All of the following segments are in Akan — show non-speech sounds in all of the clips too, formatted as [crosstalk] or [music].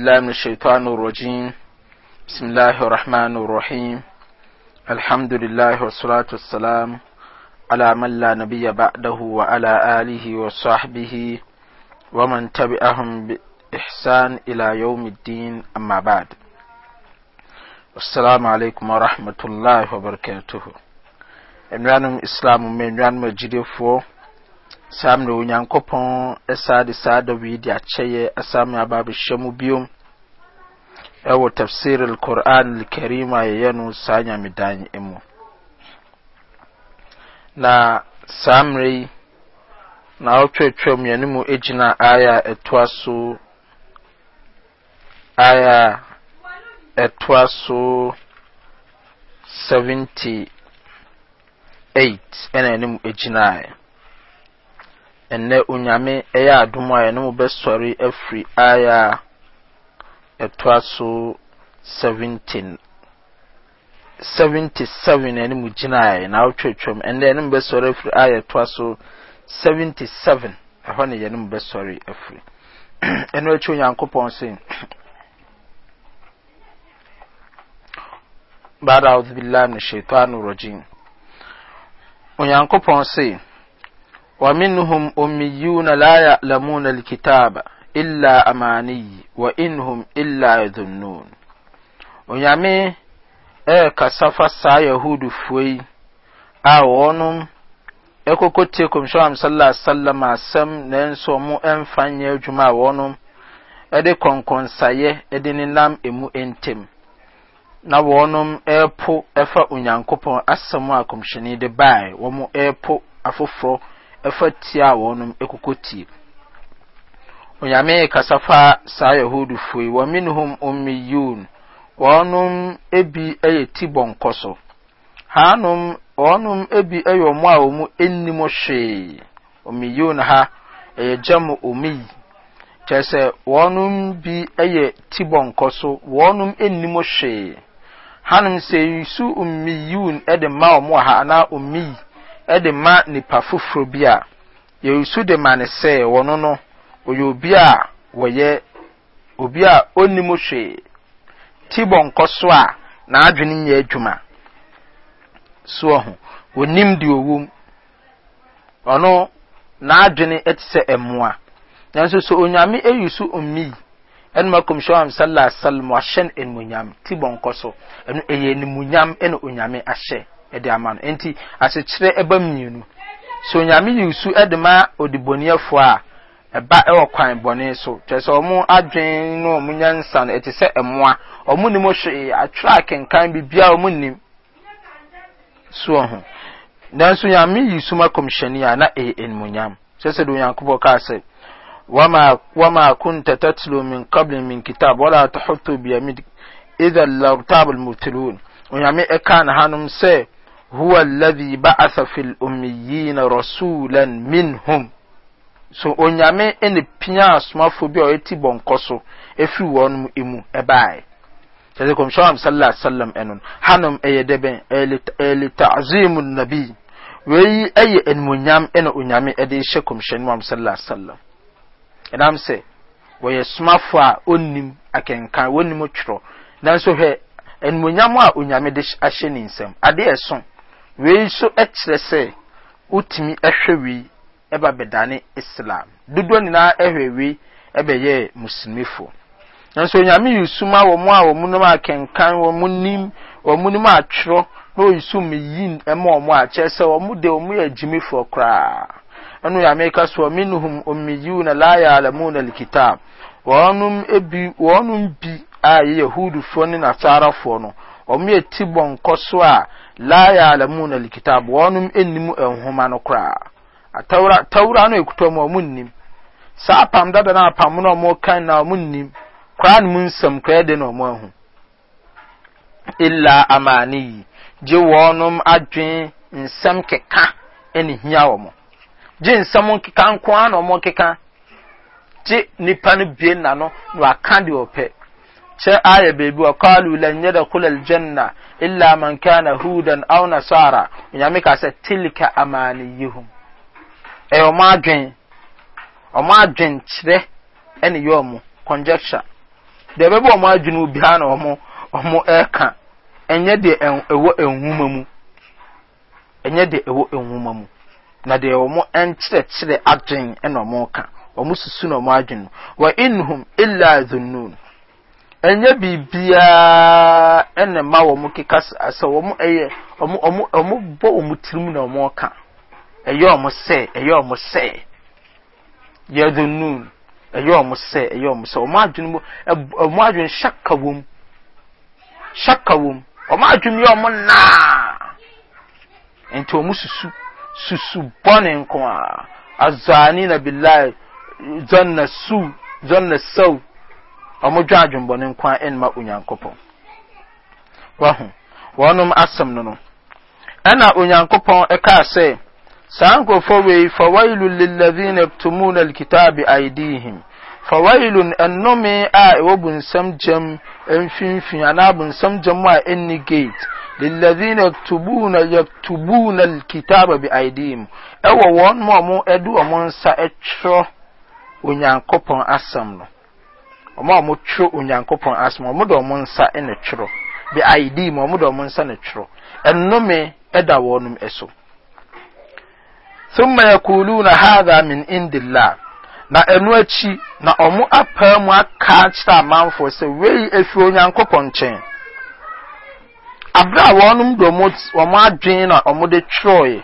بالله من الشيطان الرجيم بسم الله الرحمن الرحيم الحمد لله والصلاة والسلام على من لا نبي بعده وعلى آله وصحبه ومن تبعهم بإحسان إلى يوم الدين أما بعد السلام عليكم ورحمة الله وبركاته إنوانم إسلام من إنوانم جديد فوق saa mmerɛ onyankopɔn saa de saa da de akyɛyɛ asame aba abɛhyɛ mu biom ɛwɔ tafsir alquran alkarim a yɛyɛ no saa nyamedan mu na saa mmerɛ yi na ɔtwɛtwɛ mu mu gyina aya ɛtoa so aya ɛtoa so 78 ɛna yɛne mu gyinaeɛ ɛnɛ onyame ɛyɛ adom a ɛne mu bɛsɔre afiri aya a ɛtoa so 17 77 ɛne mu na wotwatwam ɛnɛ ɛne mu bɛsɔre afiri aya ɛtoa so 77 ɛhɔ ne yɛne mu bɛsɔre afiri [clears throat] ɛno akyi onyankopɔn se بعد أعوذ بالله من الشيطان الرجيم ونيانكو ومنهم أميون لا يعلمون الكتاب إلا أماني وإنهم إلا يظنون onyame ɛyɛ kasa fa saa yahudifoɔ yi a wɔnom ɛkɔkɔ tie kɔmhyɛwam sala salam asɛm nanso ɔmo ɛmfa nyɛ adwuma a wɔnom ɛde kɔnkɔnsaeɛ ɛde nenam emu ntɛm na wɔnom ɛɛpo ɛfa onyankopɔn asɛm a kɔmhyɛni de bae wɔmo ɛɛpo afoforɔ ɛfa a wɔnom ɛkokɔ tie onyame kasa fa saa yahudifoɔ yi wɔminhum ummiyun wɔnom ebi ɛyɛ ti bɔnkɔ so hanom wɔnom ebi ɛyɛ ɔmo a ɔmo ɛnnim hwee ha ɛyɛ gyam omiyi kyerɛ sɛ wɔnom bi ɛyɛ ti bɔnkɔ so wɔnom ɛnnim hwee hanom sɛ ɛde ma ɔmo ha anaa ɛde ma nipa foforɔ bi a yɛsu de ma ne sɛ wɔno no ɔyɛ obi a wɔyɛ obi a ɔnnim hwee ti bɔ nkɔ so a n'adwene nyɛ adwuma soɔ ho onim deɛ ɔwɔ mu ɔno n'adwene te sɛ ɛmoa nanso so onyame ayi so omi ɛnum akɔmhyɛ wa sallallahu alaihi wa sallam wahyɛ no animuonyam ti bɔ nkɔ so ɛno ɛyɛ animuonyam ɛna onyame ahyɛ. ɛde ama no nti akyekyerɛ ɛba mmienu so nyame yi su ɛde ma odiboniɛfoɔ a ɛba ɛwɔ kwan bɔne so kyerɛ sɛ ɔmo adwen no ɔmo nyansa no ɛte sɛ ɛmoa ɔmo nim hwee atwerɛ akenkan biribiara ɔmo nim soɔ ho nanso nyame yi su ma kɔmhyɛni a na ɛyɛ animuonyam kyerɛ sɛ de onyankopɔn kaa sɛ وما وما كنت تتلو من قبل من كتاب ولا تحط بيمينك إذا لارتاب المبتلون onyame ɛka na hanom huwa alladhi ba'atha fil ummiyina rasulan minhum so onyame ne pia asomafo bi a ɔyɛ ti bɔnkɔ so efiri wɔn mu ɛbaae kyerɛ kɔmhyɛn am sallallahu alaihi wasallam ɛno hanom ɛyɛ dɛbɛn ɛyɛ litaazimu nabi wei ɛyɛ animonyam ɛna onyame ɛde hyɛ kɔmhyɛn mu am sallallahu alaihi wasallam ɛnam sɛ wɔyɛ somafo a onim akenkan onim twerɛ nanso hwɛ animonyam a onyame de ahyɛ ne nsam adeɛ ɛso wei nso kyerɛ sɛ wotumi hwɛ wei ba bɛdane islam dodoɔ nyinaa hwɛ wei bɛyɛ musulmifo nanso onyame yi suma wɔ mu a wɔ mu nom akenkan wɔ mu nim wɔ mu nom atwerɛ na oyi sum yi ma wɔn a kyerɛ sɛ wɔn mu de wɔn yɛ gyimifoɔ koraa ɛnu onyame ka so ɔminuhum omiyiw na laaya alamu na likitab wɔnom ebi wɔnom bi a yɛ yahudufoɔ ne nasarafoɔ no wɔn yɛ ti bɔnkɔ so a la ya'lamuna alkitab wɔnom nnim nhoma no koraa atawra tawra no ekuta mu ɔmo nnim saa apam dada na apam no ɔmo kan na ɔmo nnim koraa no mu nsɛm koraa de na ɔmo ahu illa amani gye wɔnom adwen nsɛm keka ɛne hia wɔn gye nsɛm nkeka nko ara na ɔmo keka gye nipa no bie na no na waka deɛ ɔpɛ kyɛ ayɛ baabi wɔ kalu lan yadkhul aljanna illa man kana hudan aw nasara nyame ka sɛ tilka amaniyuhum ɛyɛ ɔmo adwen ɔmo adwen kyerɛ ɛne yɛ ɔmo conjecture deɛ ɛbɛbɛ ɔmo adwene obiara na ɔmo ɔmo ɛɛka ɛnyɛ deɛ ɛwɔ nwoma mu ɛnyɛ deɛ ɛwɔ nwoma mu na deɛ ɔmo ɛnkyerɛkyerɛ adwen ɛna ɔmo ka ɔmo susu na ɔmo adwen wa inhum illa dhunnun ɛnyɛ biribiaa ɛna ma wɔn keka sɛ wɔn ɛyɛ wɔn wɔn wɔn tirim na wɔn ka ɛyɛ wɔn sɛ ɛyɛ wɔn sɛ yɛdo noon ɛyɛ wɔn sɛ ɛyɛ wɔn sɛ wɔn adwene naa nti wɔn susu susu bɔne nko na bilaa zɔn na su zɔn na ɔmo dwa adwumbɔne nko a ɛnma onyankopɔn wahu wɔnom asɛm no no ɛna onyankopɔn ɛkaa sɛ saa nkurɔfoɔ wei fawailu lilladhina yaktumuna alkitabi aidihim fawailun ɛnnome a ɛwɔ bunsam gyam mfimfini anaa bunsam gyam a ɛnni gate lilladhina yaktubuna yaktubuna alkitaba bi aidihim ɛwɔ wɔn mu a ɔmo ɛde ɔmo nsa ɛtwerɛ onyankopɔn asɛm no ɔmo a wɔtwerɛ onyankopɔn asoma ɔmo de ɔmo nsa ne twerɛ bi ID mu ɔmo de ɔmo nsa ne twerɛ nnome da wɔn so ثم يقولون هذا من عند الله na ɛno akyi na ɔmo apaa mu aka kyerɛ amanfoɔ sɛ wei efi onyankopɔn nkyɛn abere a wɔnom de ɔmo ɔmo adwene na ɔmo de twerɛɛ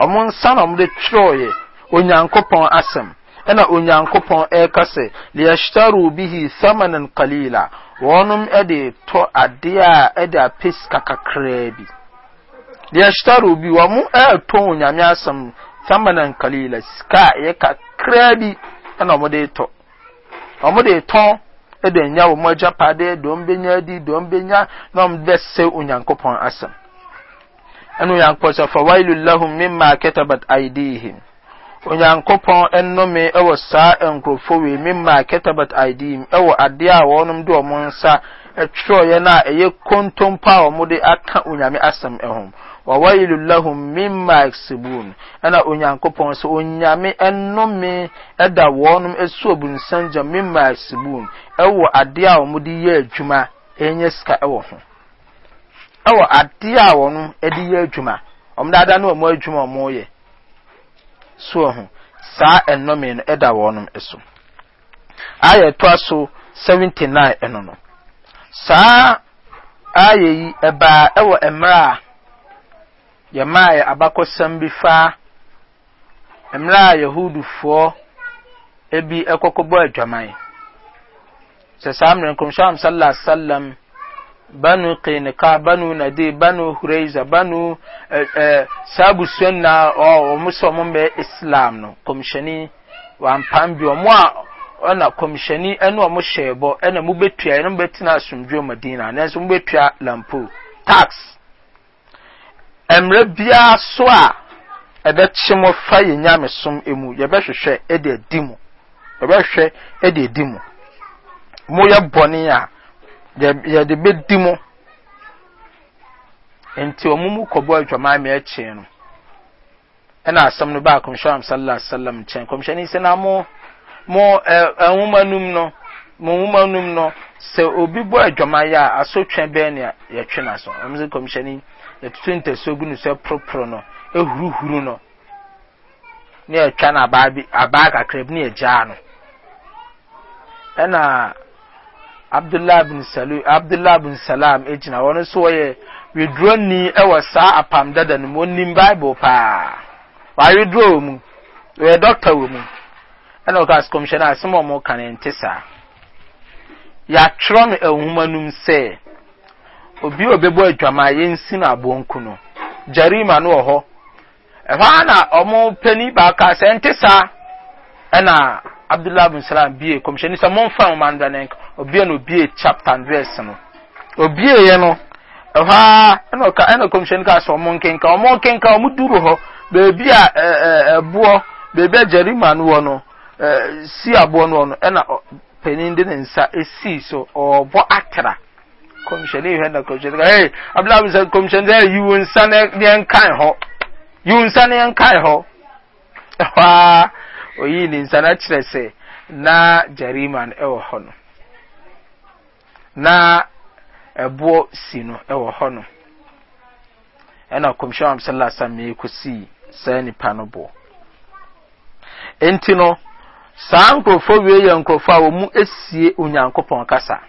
ɔmo nsa na ɔmo de twerɛɛ onyankopɔn asɛm ɛna onyankopɔn ɛreka sɛ liyashtaru bihi thamanan qalila wɔnom ɛde tɔ adeɛ a ɛde apɛ sika kakraa bi liyashtaru bi wɔn ɛretɔn onyame asɛm thamanan qalila sika a ɛyɛ kakraa bi ɛna wɔde tɔ wɔde tɔn ɛde nya wɔn agyapadeɛ dɔm benya di dɔm benya na wɔn bɛsɛ onyankopɔn asɛm ɛna onyankopɔn sɛ fawailu lahum mimma katabat aidihim onyankopɔn nnome wɔ saa nkurɔfo wei mimma ketabat idim wɔ adeɛ a wɔnom de ɔmo nsa ɛtwerɛeɛ no a ɛyɛ kontompa a wɔmo de aka onyame asɛm ho wawailu lahum mimma yaksibun ɛna onyankopɔn sɛ onyame nnome ɛda wɔnom ɛsuo bunsan gya mimma yaksibun ɛwɔ adeɛ a wɔmo de yɛ adwuma ɛnyɛ sika wɔ ho ɛwɔ adeɛ a wɔnom de yɛ adwuma ɔmo dada ne wɔn adwuma ɔmo yɛ soɔ ho saa ɛnnɔme no da wɔn so ayɛ ɛtoa so 79 ɛno no saa ayɛ yi ɛbaa wɔ mmerɛ a yɛmaa yɛ abakɔsɛm bi faa mmerɛ a yɛhudufoɔ ebi kɔkɔbɔ adwaman sɛ saa mmerɛ nkɔmhyɛ am sallallahu alaihi banu qinika banu nadi banu hureza banu eh, eh, saa abusua nyinaa ɔmo sɛ ɔmo mbɛ islam no kɔmhyɛni wampam bi ɔmo a ɔna kɔmhyɛni ɛna ɔmo hyɛ bɔ ɛna mo betua ɛna mo betena asomdwe madina nanso mo betua lampo tax mmerɛ biara so a ɛbɛkye mo fa yɛ nyame som emu yɛbɛhwehwɛ ɛde edi mo yɛbɛhwɛ ɛde edi mo mo yɛ bɔne a. yɛde bɛdi mu nti wɔn mu kɔbɔ adwamaame akyi no ɛna asɛm no baa kɔmhyɛn sallallahu alaihi wasallam nkyɛn kɔmhyɛn sɛ na mo mo ɛ nwoma num no mo nwoma num no sɛ obi bɔ adwamaayɛ a asotwɛn bɛn nea yɛtwe na so wɔn sɛ kɔmhyɛn yɛtutu ntɛsuo gu ne so ɛporoporo no ehuruhuru no ne yɛtwa na abaa bi abaa kakra ne yɛgyaa no ɛna. abdullah bin salu abdullah bin salam egyina eh, wɔn nso wɔyɛ weduroni ɛwɔ saa apam dada no mu onim bible paa wɔayeduro wɔ mu wɔyɛ doctor wɔ mu ɛna ɔka asukɔm hyɛ no asɛm a wɔn ka no nte saa yɛatwerɛ no ahoma no sɛ obi a obɛbɔ adwama a yɛnsi no abɔnku no jarima no wɔ hɔ ɛhɔ a na wɔn panyin baaka sɛ nte saa ɛna abdullahi bin salam bie kɔmhyɛni sɛ momfa ɔman da ne obie no obie chapter and verse no obie yɛ no ɛhɔ a ɛna ɔka ɛna kɔmhyɛni ka sɛ ɔmo nkenka ɔmo nkenka ɔmo duru hɔ beebi a ɛɛ ɛboɔ beebi a jerima no wɔ no ɛɛ si aboɔ no wɔ no ɛna panyin de ne nsa esi so ɔɔbɔ atra kɔmhyɛni yɛ na kɔmhyɛni ka ɛɛ abdullahi bin salam kɔmhyɛni sɛ yiwu nsa ne yɛn kan hɔ yiwu nsa ne yɛn kan hɔ ɛhɔ a. oyi ne nsa na kyerɛ sɛ na jarima no ɛwɔ hɔ no na ɛboɔ si no ɛwɔ hɔ no ɛna kɔmhyɛn am sallallahu alaihi wasallam saa nipa no boɔ nti no saa nkurɔfoɔ wie yɛ nkurɔfoɔ a wɔn esie onyankopɔn kasa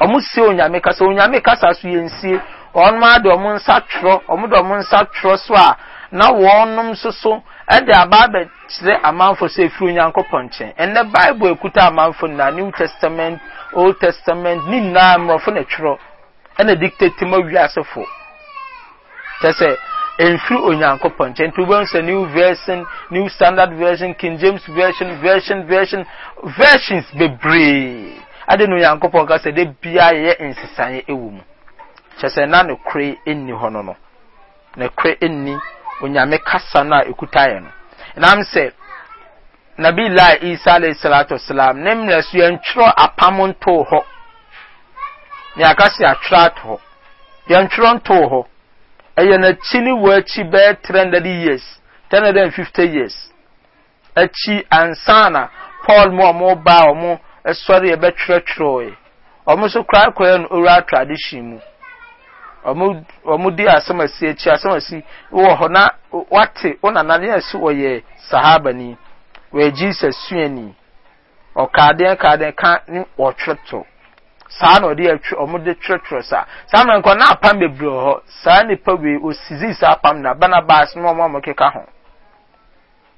wɔn sie onyame kasa onyame kasa so yɛn sie wɔn ade wɔn nsa twerɛ wɔn de wɔn nsa twerɛ so a. na wɔnom nso so ɛde aba abɛkyerɛ amanfo sɛ efiri onyankopɔn nkyɛn ɛnɛ bible ekuta amanfo na new testament old testament ne nyinaa mmorɔfo na twerɛ ɛna dictate ma wiasefo kyɛ sɛ emfiri onyankopɔn nkyɛn nti wobɛn sɛ new version new standard version king james version version version versions bebree ade no onyankopɔn ka sɛ de bia yɛ nsesaeɛ ɛwɔ mu kyɛ na ne kore ɛnni hɔ no no ne kore ɛnni onyame kasa no a ɛkutaeɛ no ɛnam sɛ nabilah isa alayhi salatu wasalam ne mmerɛ so yɛntwerɛ apam ntoo hɔ ne aka se atwerɛ ato hɔ yɛntwerɛ ntoo hɔ ɛyɛ n'akyi ne wɔ akyi bɛyɛ 300 years 350 years akyi ansana paul mu a ɔmo baa ɔmo ɛsɔre yɛbɛtwerɛtwerɛɛ ɔmo nso koraa kɔɛ no oral tradition mu ɔmo di asɛm asi akyi asɛm asi wɔ hɔ na wate wo nanane asi wɔyɛ sahaba ni wɔyɛ jesus suani ɔkaadeɛ kaadeɛ ka ne wɔtwerɛtɔ saa na ɔde atwi ɔmo de twerɛtwerɛ saa saa na nkɔ na apam bebree hɔ saa nipa wei osizi saa apam na bana baas na ɔmo ɔmo keka ho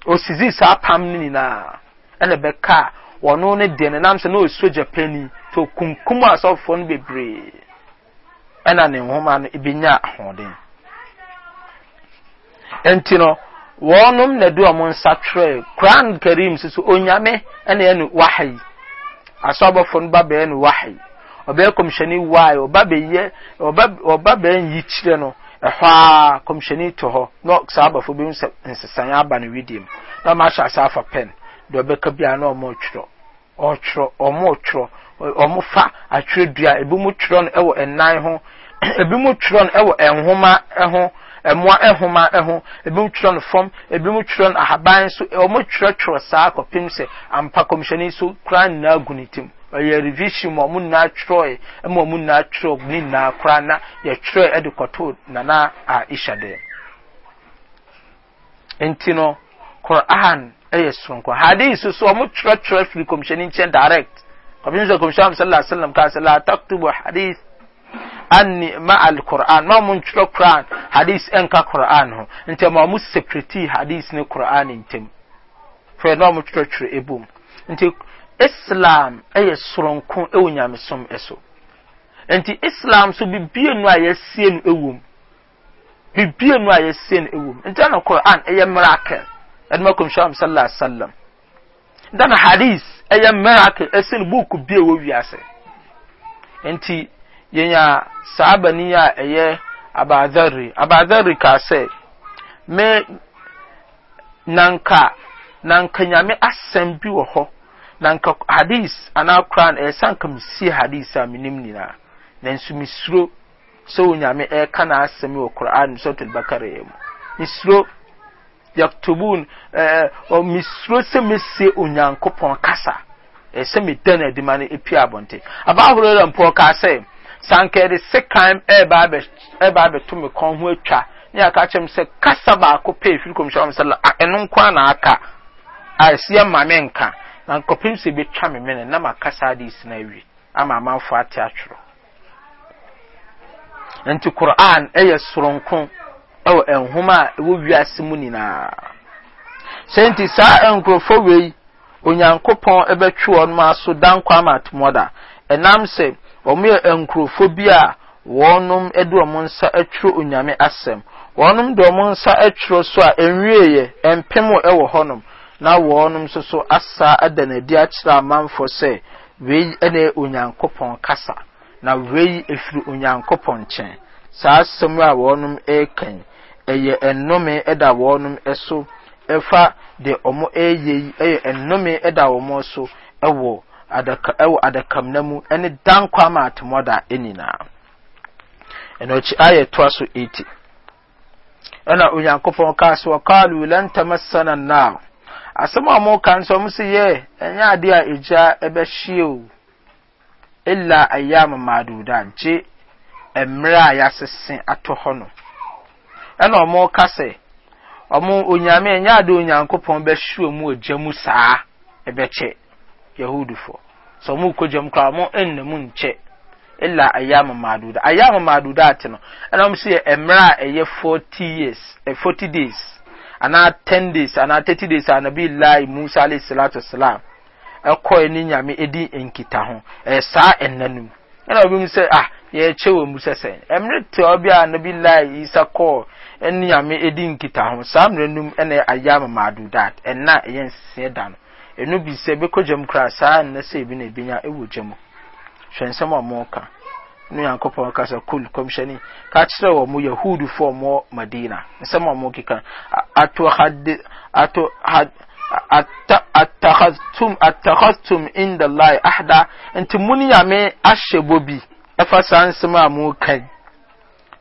osizi saa apam no nyinaa ɛna bɛka a wɔno ne deɛ ne nam sɛ na osogya panyin to kunkum asɔfoɔ no bebree. ɛna ne nhoma no ebenya ahoɔden nti no wɔnom na de ɔmo nsa twerɛ koran karim soso onyame ɛna yɛ no wahayi asɔbɔfo no babɛɛ no wahayi ɔbɛyɛ kɔmhyɛni wae ɔbabɛyɛ ɔbabɛɛ yi kyerɛ no ɛhɔ kɔmhyɛni to hɔ na saa abɔfo bi nsesan aba no widiem na ɔmo ahyɛ ase afa pɛn deɛ ɔbɛka bi a na ɔmo twerɛ ɔtwerɛ ɔmo twerɛ ɔmo fa atwerɛ dua ebi mo twerɛ no ɛwɔ ɛnan ho [coughs] ebi mu twerɛ no ɛwɔ nhoma ho mmoa nhoma ho ebi mu twerɛ no fam ebi mu twerɛ no ahaban so wɔn twerɛtwerɛ saa kɔpem sɛ ampa kɔmhyɛni so koraa nyinaa gu ne tim ɔyɛ revision mu a wɔn nyinaa twerɛ ɛma wɔn nyinaa twerɛ ne nyinaa koraa na yɛtwerɛ ɛde kɔtoo nana a ehyɛ nti no koran ɛyɛ soronko hadith so so wɔn twerɛtwerɛ firi kɔmhyɛni nkyɛn direct kɔmhyɛni sɛ sallallahu alaihi wa sallam kaa sɛ anni ma alquran ma mun twerɛ quran hadis ɛnka quran ho ntɛm a mo sekreti hadis ne quran ntɛm hwɛ na mo twerɛtwerɛ ebom nti islam ɛyɛ soronko ɛwɔ nyamesom ɛso nti islam so bibie no a yɛsie no ɛwom bibie no a yɛsie no ɛwom nti na quran ɛyɛ miracle ɛdima kɔmhyɛm sallallahu alaihi wasallam nti na hadis ɛyɛ miracle ɛsie no book bie wɔ wiase nti yɛnya saa bani a ɛyɛ abadari abadari kaa me nanka nanka nyame asɛm bi wɔ hɔ nanka hadis anaa koran ɛyɛ e sɛ nka mesie hadis a menim nyinaa nanso mesuro sɛ onyame ɛka e n'asɛm wɔ koran sɔtul bakara yɛ mu mesuro yaktubun ɛɛ e, ɔ mesuro sɛ mesie onyankopɔn kasa ɛyɛ sɛ medɛn adwuma no epi abɔnten abaa yɛ mpɔ kaa sankɛde sekan ɛɛba eh, eh, abɛ ɛɛba abɛto me kɔn ho atwa ne aka kyerɛ m sɛ kasa baako pɛ efiri kɔmhyɛn wɔn sɛ ɛno nko na aka a ah, esi ama nka na nkɔpem sɛ ebetwa me mene nam akasa de esi na awie ama amanfo ate atwerɛ nti koran ɛyɛ eh, soronko ɛwɔ nhoma a ɛwɔ wiase mu nyinaa sɛ nti saa nkurɔfoɔ wei onyankopɔn ɛbɛtwe wɔn aso dankwa ama atomɔda ɛnam sɛ wɔn yɛ nkurɔfoɔ bi a wɔnom de wɔn nsa atwerɛ onyame asɛm wɔnom de wɔn nsa atwerɛ so a nwieɛ mpem wɔ hɔnom na wɔnom nso so asa ada n'adi akyerɛ amanfoɔ sɛ wei ne onyankopɔn kasa na wei efiri onyankopɔn nkyɛn saa asɛm a wɔnom rekan ɛyɛ nnome da wɔnom so ɛfa deɛ wɔn reyɛ yi ɛyɛ nnome da wɔn so ɛwɔ. adaka ɛwɔ adakamna mu ɛne dan ma atemɔda ɛnyinaa ɛna ɔkyi ayɛ toa so 80 ɛna onyankopɔn kaa so wɔkaalo lan tamassana nnar asɛm a moka nso ɔmo se yɛ ɛnyɛ ade a egya ɛbɛhyie o illa ayyam maaduda gye mmerɛ a yɛasese atɔ hɔ no ɛna ɔmo ka sɛ ɔmo onyame ɛnyɛ ade onyankopɔn bɛhyie mu ogya mu saa ɛbɛkyɛ yahudufoɔ sɛ ɔmo kɔ gyam koraa ɔmo nna mu nkyɛ ila ayama maduda ayama maduda ate no ɛna ɔmo sɛ yɛ mmerɛ a ɛyɛ forty years ɛ eh, forty days anaa ten days anaa thirty days a nabi lai musa alayhi salatu salam ɛkɔɛ ne nyame edi nkita ho ɛyɛ eh, saa ɛnna no mu ɛna obi mu sɛ ah yɛrekyɛ wɔ mu sɛ sɛn ɛmmerɛ te ɔbi a nabi lai isa kɔɔ ɛne nyame edi nkita ho saa mmerɛ no mu ɛna ayama maduda ɛnna ɛyɛ nsia da no ɛnu bi sɛ ɛbɛkɔ gyam koraa saa nnɛ sɛ ebi na ebenya ɛwɔ gya hwɛ nsɛm a wɔreka ne nyankopɔn kasa kul kɔmhyɛni ka kyerɛ wɔ yahudu fo mo madina nsɛm a mo keka ato had ato had attakhadtum attakhadtum inda allahi ahda nti mu ne nyame ahyɛ bɔ bi ɛfa saa nsɛm a mo kan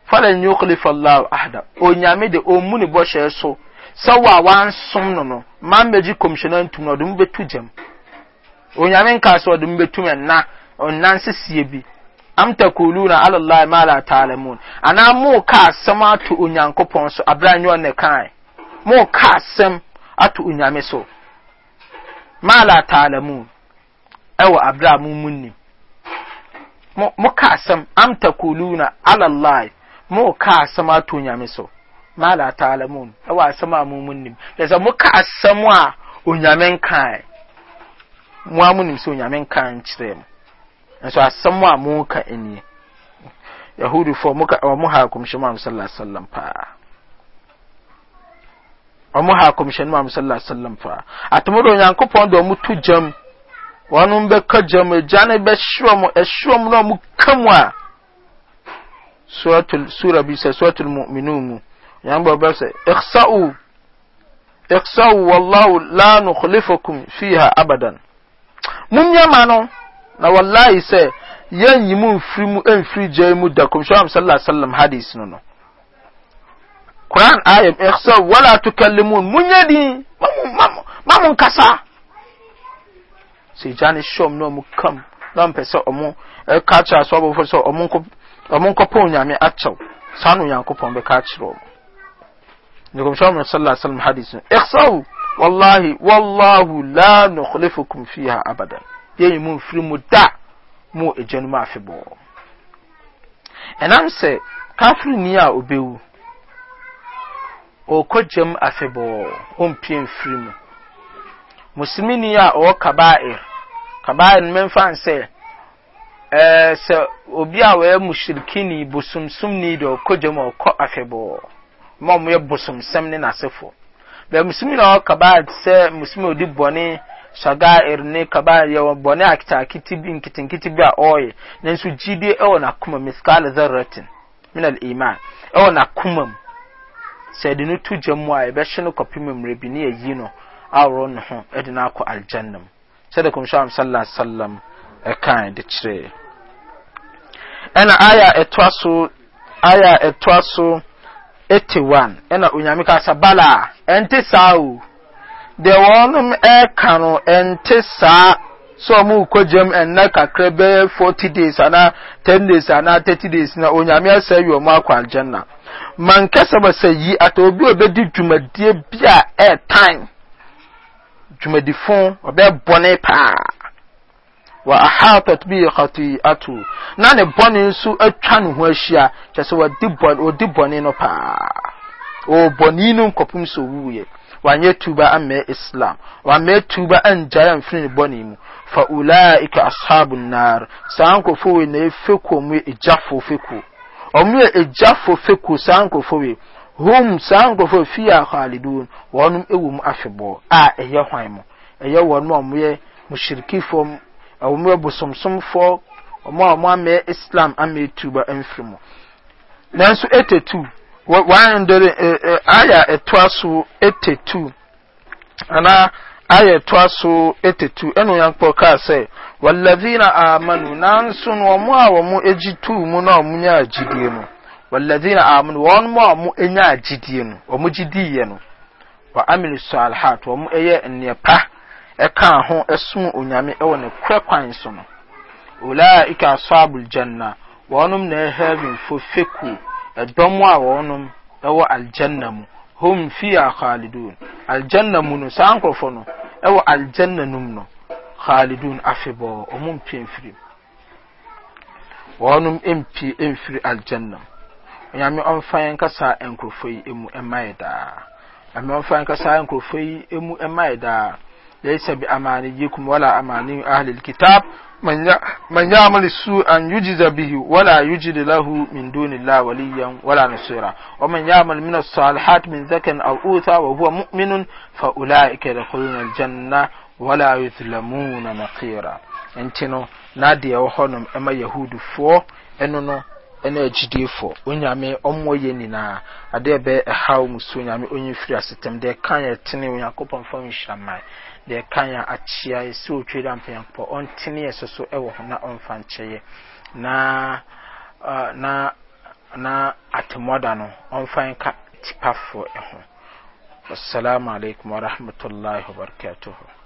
falan yukhlifa allah ahda onyame de ɔmmu ne bɔhyɛ so sɛ wo a wansom no no man bɛgye kɔmhyɛna ntum na ɔde mu bɛtu gyam onyame nka sɛ ɔde mu bɛtum ɛna ɔnna nsesie bi am takuluna ala allah ma la ta'lamun ana mu ka asɛm ato onyankopɔn so abra ne ɔne Mu mo ka asɛm ato onyame so ma la ta'lamun ɛwɔ abra mo munnim mo ka asɛm am takuluna ala allah Mu ka asɛm ato onyame so ma la ta'lamun ɛwɔ asɛm a mo mun nim yɛ sɛ moka asɛm a onyame nkae mo a mo nim sɛ onyame nkae nkyerɛ mo nso asɛm a mo ka nie yahudifoɔ mo ka ɔmo ha akɔmhyɛ mu sallallahu alaihi wasallam paa ɔmo ha akɔmhyɛ mu sallallahu alaihi wasallam paa atomdo onyankopɔn de ɔmo to gyam wɔn bɛka gyam egya ne bɛhyerɛ mo ɛhyerɛ mo na ɔmo ka mu a suratul sura sɛ suratul mu'minun mu yãn ba ba sɛ iksa'u iksa'u wallahu la nukhlifukum fiha abadan mun nyama no na wallahi sɛ yɛn yi mu mfiri mu mfiri gya mu da kɔmhyɛ am sallallahu alaihi wasallam hadis no no Quran ayam iksa'u wala tukallimun mun nyɛ din ma mun kasa sai jani shom no mu kam na mpɛ sɛ ɔmo ɛka kyerɛ asɔbɔfo sɛ ɔmo nkɔ ɔmo nkɔpɔ onyame akyɛw saa na onyankopɔn bɛka akyerɛ ɔmo nìkọ̀mṣọ́ mọ̀ sọ́lá sọ́lá hadisun ẹ̀ṣọ́wù wàláhì wàláhù láàánú kọlẹ́fọ̀kùn fi ha abadan yẹ́yìn mu nfiri mu da mu ẹ̀jẹ̀ no mu afebọ̀ ẹ̀nam sẹ káfírin ni a obewu ọkọ gyam afebọ̀ ọmpie nfiri mu musulmi ni a ɔwɔ kabair kabair no mɛmfa nsɛ ɛɛ eh, sɛ obi a wɔyɛ mushrikini bosomsomni de ɔkɔ gyam ɔkɔ afebɔɔ ma ɔmo yɛ bosomsɛm ne n'asefo bɛn musulmi na ɔka baa sɛ musulmi odi bɔne shagair ne kaba yɛwɔ bɔne akitakiti bi nkitinkiti bi a ɔyɛ nanso gyidie ɛwɔ n'akoma miskal zarratin min al iman ɛwɔ n'akoma mu sɛ ɛde no to gya mu a ɛbɛhyɛ no kɔpi mmerɛ bi ne yɛyi no aworɔ ne ho ɛde no akɔ aljanna mu sɛdeɛ kɔmhyɛ sallallahu alaihi wasallam ɛkan de kyerɛɛ ɛna aya ɛtoa so aya ɛtoa so 81 ɛna onyame kasa bala ɛnte saa o deɛ wɔnom ɛka e no ɛnte saa sɛ ɔmo kɔ gyam ɛnna kakra bɛyɛ 40 days anaa 10 days anaa 30 days na onyame asɛ yi ɔmo akɔ aljanna man kasa ba sɛ yi ata obi a obɛdi dwumadie bi a ɛɛ e time dwumadifo ɔbɛɛ bɔne paa wa ahatat bi khati'atu na ne bɔne nso atwa ne ho ahyia kyɛ sɛ wɔde bɔne wɔde bɔne no paa ɔwɔ bɔne no nkɔpem sɛ ɔwuiɛ wanyɛ tuba ammɛ islam wammɛ tuba angyae amfiri ne bɔne mu fa ulaika ashabu nnar saa nkɔfoɔ wei na ɛfɛ kuo mu yɛ egyafoɔ fɛ kuo ɔmo yɛ egyafoɔ fɛ kuo saa nkɔfoɔ wei hom saa nkɔfoɔ fi a khalidun wɔnom ɛwɔ mu a ɛyɛ hwan mu ɛyɛ wɔnom a ɔmo yɛ mushrikifoɔ wɔn mu abosomsomfoɔ wɔn a wɔn amɛ islam amɛ tuba mfiri mu nanso eighty tu, wɔn e, e, ayɛ ɛɛ ayɛ ɛtoa so eighty two anaa ayɛ ɛtoa so eighty two ɛna wɔn akpɔ kaa sɛ wɔlɛvina amanu nanso wɔn a wɔn agyi tuu mu na wɔn nyɛ agyidie no wɔlɛvina amanu wɔn mu a wɔn anya agyidie no wɔn gyi diiɛ no wɔ amiri sɔ alhat wɔn ɛyɛ nneɛpa ɛkaa ho ɛsom onyame ɛwɔ ne korɛ kwan so no ulaika ashabul janna wɔnom na ɛheavenfo fekuo ɛdɔm a wɔnom ɛwɔ aljanna mu hum fiha khalidun aljanna mu no saa nkurɔfoɔ no ɛwɔ aljanna no mu no khalidun afebɔɔ ɔmo mpie mfiri wɔnom mpie mfiri aljanna mu onyame ɔmfa yɛn kasa nkurɔfoɔ yi mu ɛma yɛ daa onyame ɔmfa yɛn kasa nkurɔfoɔ yi mu ɛma yɛ daa ليس بأمانيكم ولا أماني أهل الكتاب من يعمل أن يجز به ولا يجد له من دون الله وليا ولا نصيرا ومن يعمل من الصالحات من ذكر أو أوثى وهو مؤمن فأولئك يدخلون الجنة ولا يظلمون نقيرا nti no na deɛ ɛwɔ hɔnom ɛma yahudifoɔ ɛno no ɛna agyidiefoɔ onyame ɔmo yɛ nyinaa adeɛ bɛɛ ɛhaw mu so onyame onye firi asetam deɛ ɛka yɛ tene onyankopɔn fa nhyira mman deɛ kan e a akyia yɛ sɛ otwe dɛ ampanyankopɔ ɔntene yɛ soso ɛwɔ ho na ɔmfa nkyɛyɛ na na na atemɔda no ɔmfa nka tipafoɔ ɛho e wassalamu alaikum warahmatullahi wabarakatuhu